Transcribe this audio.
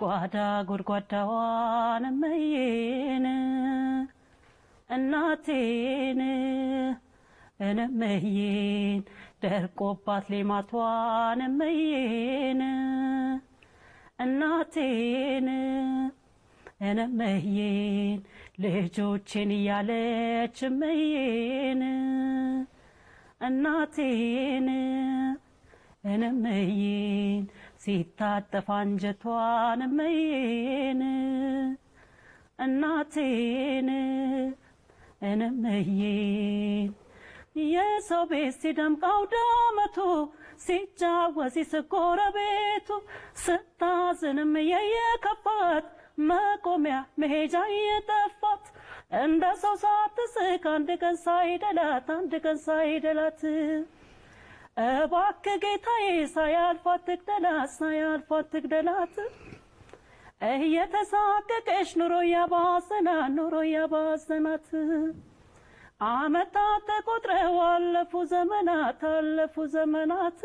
ጓዳ ጎድጓዳዋን እመዬን እናቴን እንመዬን ደርቆባት ሌማቷን መየን እናቴን እንመዬን ልጆቼን እያለች እመዬን እናቴን እንመዬን ሲታጠፋ አንጀቷን እመዬን እናቴን እንመዬን የሰው ቤት ሲደምቀው ዳመቱ ሲጫወት ሲስጎረቤቱ ስታዝንም የየከፋት መቆሚያ መሄጃ የጠፋት እንደ ሰው ሳትስቅ አንድ ቀን ሳይደላት አንድ ቀን ሳይደላት እባክህ ጌታዬ ሳያልፏት ትግደላት ሳያልፏት ትግደላት እየተሳቀቀች ኑሮ ያባዘናት ኑሮ ያባሰናት። አመታት ተቆጥረው አለፉ ዘመናት አለፉ ዘመናት